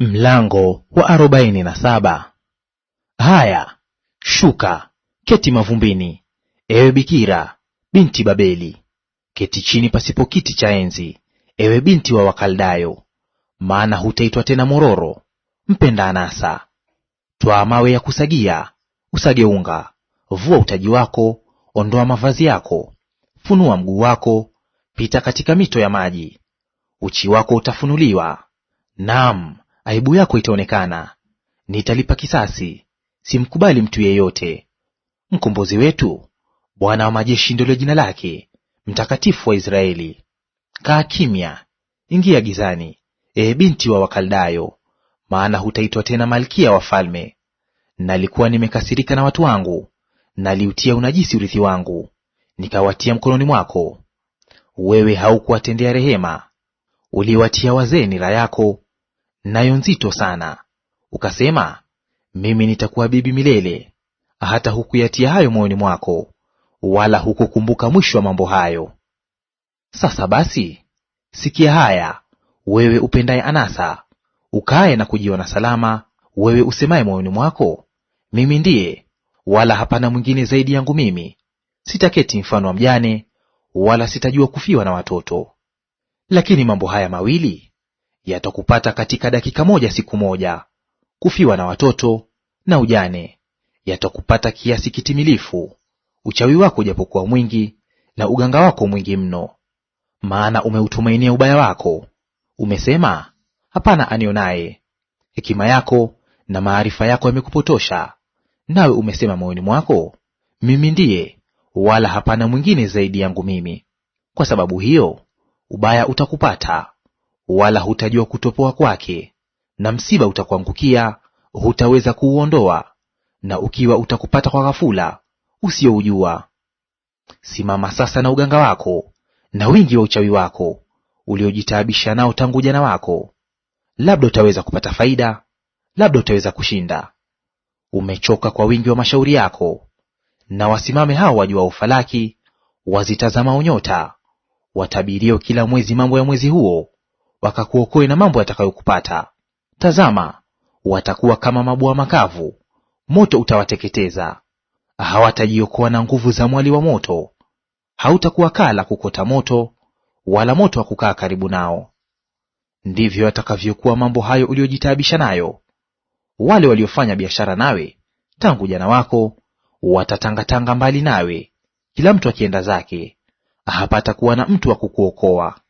Mlango wa arobaini na saba. Haya, shuka keti mavumbini, ewe Bikira binti Babeli, keti chini pasipo kiti cha enzi, ewe binti wa Wakaldayo. Maana hutaitwa tena mororo, mpenda anasa. Twaa mawe ya kusagia, usage unga; vua utaji wako, ondoa mavazi yako, funua mguu wako, pita katika mito ya maji. Uchi wako utafunuliwa; naam aibu yako itaonekana. Nitalipa kisasi, simkubali mtu yeyote. Mkombozi wetu Bwana wa majeshi ndilo jina lake, mtakatifu wa Israeli. Kaa kimya, ingia gizani, ee binti wa Wakaldayo, maana hutaitwa tena malkia wa falme. Nalikuwa nimekasirika na watu wangu, naliutia unajisi urithi wangu, nikawatia mkononi mwako. Wewe haukuwatendea rehema, uliwatia wazee nira yako nayo nzito sana. Ukasema, mimi nitakuwa bibi milele, hata hukuyatia hayo moyoni mwako, wala hukukumbuka mwisho wa mambo hayo. Sasa basi, sikia haya, wewe upendaye anasa, ukaye na kujiona salama, wewe usemaye moyoni mwako, mimi ndiye, wala hapana mwingine zaidi yangu mimi; sitaketi mfano wa mjane, wala sitajua kufiwa na watoto. Lakini mambo haya mawili yatakupata katika dakika moja siku moja, kufiwa na watoto na ujane yatakupata kiasi kitimilifu, uchawi wako ujapokuwa mwingi na uganga wako mwingi mno. Maana umeutumainia ubaya wako, umesema, hapana anionaye. Hekima yako na maarifa yako yamekupotosha, nawe umesema moyoni mwako, mimi ndiye, wala hapana mwingine zaidi yangu mimi. Kwa sababu hiyo ubaya utakupata wala hutajua kutopoa kwake; na msiba utakuangukia, hutaweza kuuondoa; na ukiwa utakupata kwa ghafula, usioujua. Simama sasa na uganga wako na wingi wa uchawi wako uliojitaabisha nao tangu ujana wako; labda utaweza kupata faida, labda utaweza kushinda. Umechoka kwa wingi wa mashauri yako. Na wasimame hao wajua ufalaki, wazitazamao nyota, watabirio kila mwezi mambo ya mwezi huo, wakakuokoe na mambo yatakayokupata. Tazama, watakuwa kama mabua makavu, moto utawateketeza. Hawatajiokoa na nguvu za mwali wa moto, hautakuwa kaa la kukota moto, wala moto wa kukaa karibu nao. Ndivyo yatakavyokuwa mambo hayo uliyojitaabisha nayo. Wale waliofanya biashara nawe tangu ujana wako watatangatanga mbali nawe, kila mtu akienda zake; hapatakuwa na mtu wa kukuokoa.